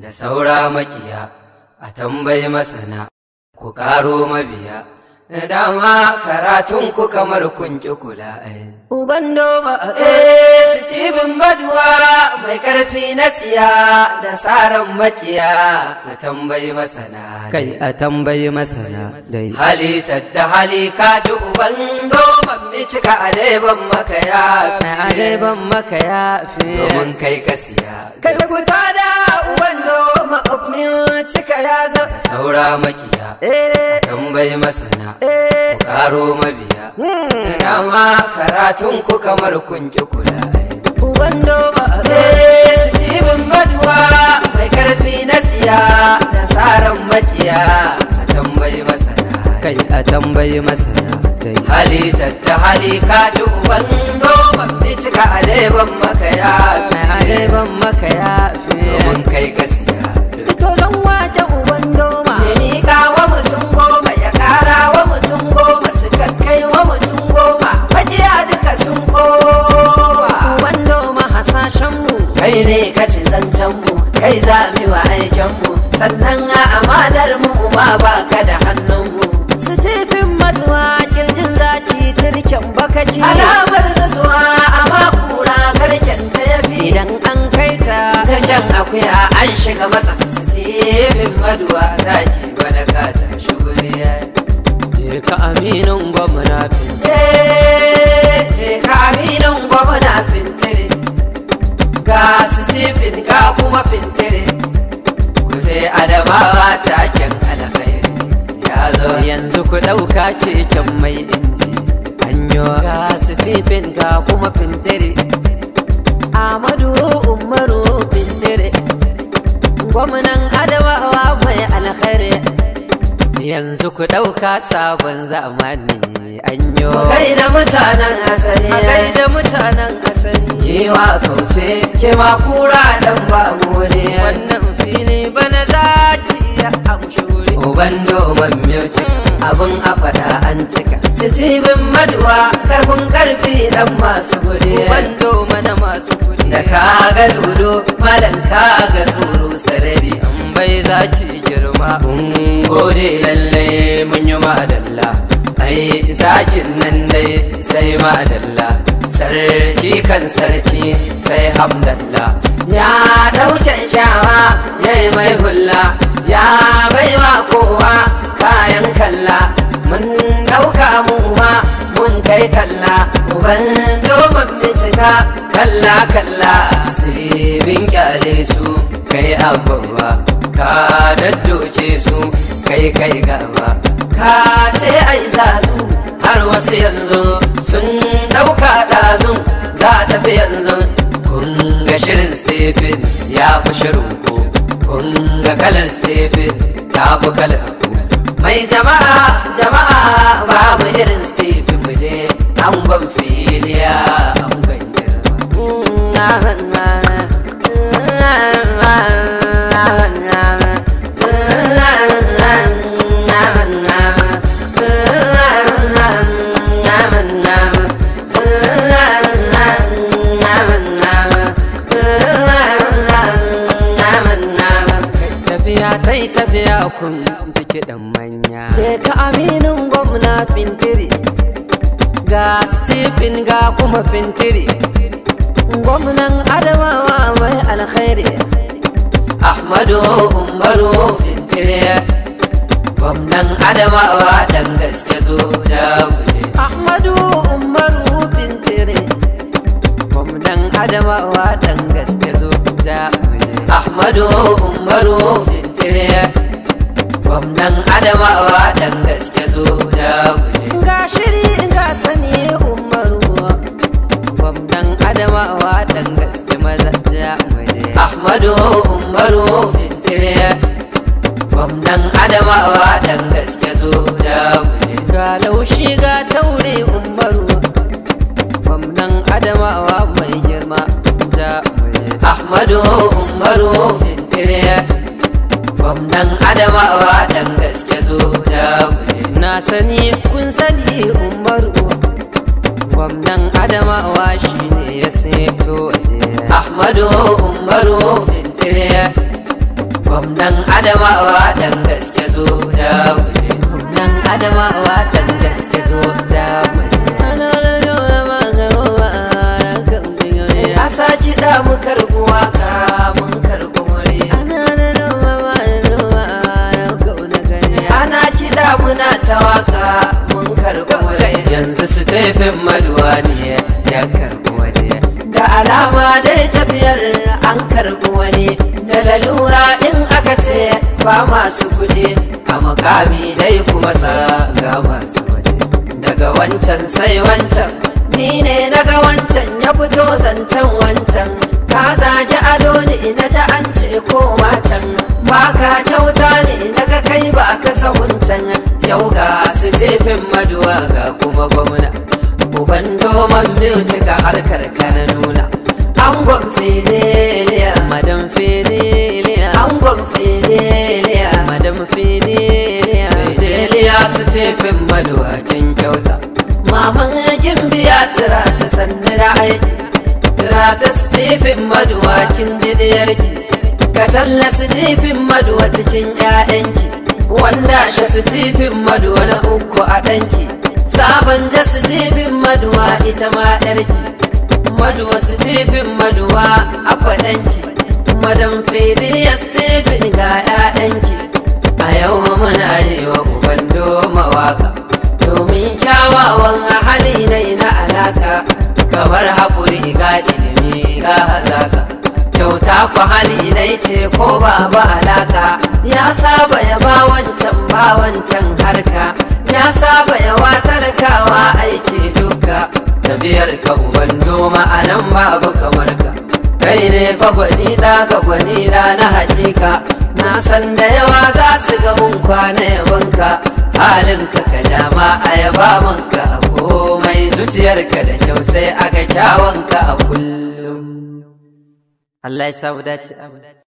da saura makiya a tambayi masana ku ƙaro mabiya dama karatun ku kamar kun ƙi kula ai. Eh. Uban noma eh Stephen Baduwa mai ƙarfi na tsiya da saran makiya a tambayi masana. Kai a tambayi masana dai. Hali da hali ka ji uban noman a cika aleban maka ya fi. maka ya fi. Domin kai ka Kai kuta da. wando ma'ubmin cika ya raza saura makiya eh. tambayi masana eh. ku karo mabiya hmm. ina ma karatun ku kamar kun ki kula wando ma'ubmin eh, su jibin maduwa mai karfi na tsiya da tsarin makiya a tambayi masana kai a tambayi masana hali tatta hali kaji uban goma cika aleban makaya aleban makaya mun kai gaskiya to zan wake uban noma ya miƙa wa mutum goma ya ƙara wa mutum goma su kakkai wa mutum goma majiya duka sun kowa uban noma hasashenmu kai ne ka ci mu. kai za mu wa aikenmu sannan a amanar mu kuma ba ka da hannunmu sitifin maduwa kirjin zaki turken bakaci gidan akuya an shiga matsa stephen maduwa za bana kata shuguriya je ka aminin gwamna fintire eh, je ka aminin gwamna fintire ga stephen ga kuma fintire ku sai adamawa taken alkhairi ya zo yanzu ku ɗauka keken mai inji hanyo ga stephen ga kuma fintire amadu dare gwamnan adamawa mai alkhairi yanzu ku ɗauka sabon zamani anyo kai da mutanen asali kai da mutanen asali wa kauce kewa kura dan ba more wannan fili bana zaki ya amshure uban man music abun a faɗa an cika sitibin maduwa karfin karfi dan masu kudi uban doma na masu kuɗi. da ka ga ludo malam ka ga tsoro sarari an bai zaki girma gode lalle mun yi madalla ai zakin nan dai sai madalla sarki kan sarki sai hamdalla. ya daucan shawa ya yi mai hula. baiwa kowa kayan kalla mun dauka mu ma mun kai talla uban domin bincika kalla kalla stibin kyale su kai abubuwa ka daddoce su kai kai gaba ka ce ai zazu har wasu yanzu sun dauka ɗazun za fi yanzu kun ga shirin stephen ya fi shirin ku kun ga kalar stephen ta bukal mai jama'a jama'a babu irin steve muje an gwamfiliya kun ji kiɗan manya. Ce ka aminin gwamna fintiri, ga Stephen ga kuma fintiri. Gwamnan Adamawa mai alkhairi, Ahmadu Umaru fintiri. Gwamnan Adamawa ɗan gaske zo jagule. Ahmadu Umaru fintiri. Gwamnan Adamawa ɗan gaske zo jagule. Ahmadu Umaru fintiri. Adama adamawa dan gaske zo da ga shiri ga sani umaruwa Adama adamawa dan gaske mazaja mune ahmadu umaru fitire Adama adamawa dan gaske zo da mune ga laushi ga taure umaruwa gwamnan adamawa mai girma da mune ahmadu umaru fitire gwamnan adamawa dan gaske zo da na sani kun sani umaru gwamnan adamawa shine ya seto ahmadu umaru fintire gwamnan adamawa dan gaske zo da gwamnan adamawa dan gaske zo da Asa kiɗa mu karo waka mun karɓi waje yanzu su tafi maduwa ne ya karɓi waje da alama dai tafiyar an karɓi wani da lalura in aka ce ba masu kuɗi a mukami dai kuma ga masu waje daga wancan sai wancan ni ne daga wancan ya fito zancen uba ga kuma gwamna uban doman biyu cika harkar na nuna an fedeliya madam fidelia. an fidelia. madam fidelia fedeliya su tefin maluwacin kyauta maman yakin biya tura ta sannu da aiki tura ta stephen maduwakin jidiyarki ka talla stephen maduwa cikin 'ya'yanki wanda shi tefin maduwa na uku a ɗanki sabon jasu jibin maduwa ita ma ɗarki maduwa su jibin maduwa a faɗanki madan filiya stephen ga ɗaɗanki. a yau muna arewa wa uban doma waka domin kyawawan hali na ina alaka kamar haƙuri ga ilimi ga hazaka kyauta ku hali na ce ko ba ba alaka ya saba ya ba wancan ba wancan harka ya saba biyar ka uban noma a nan babu kamar ka kai ne fa gwani da ka gwani da na hakika na san da yawa za su ga mun kwana yabanka halin ka ka dama a yaba a komai zuciyarka da kyau sai a ga kyawanka a kullum Allah ya dace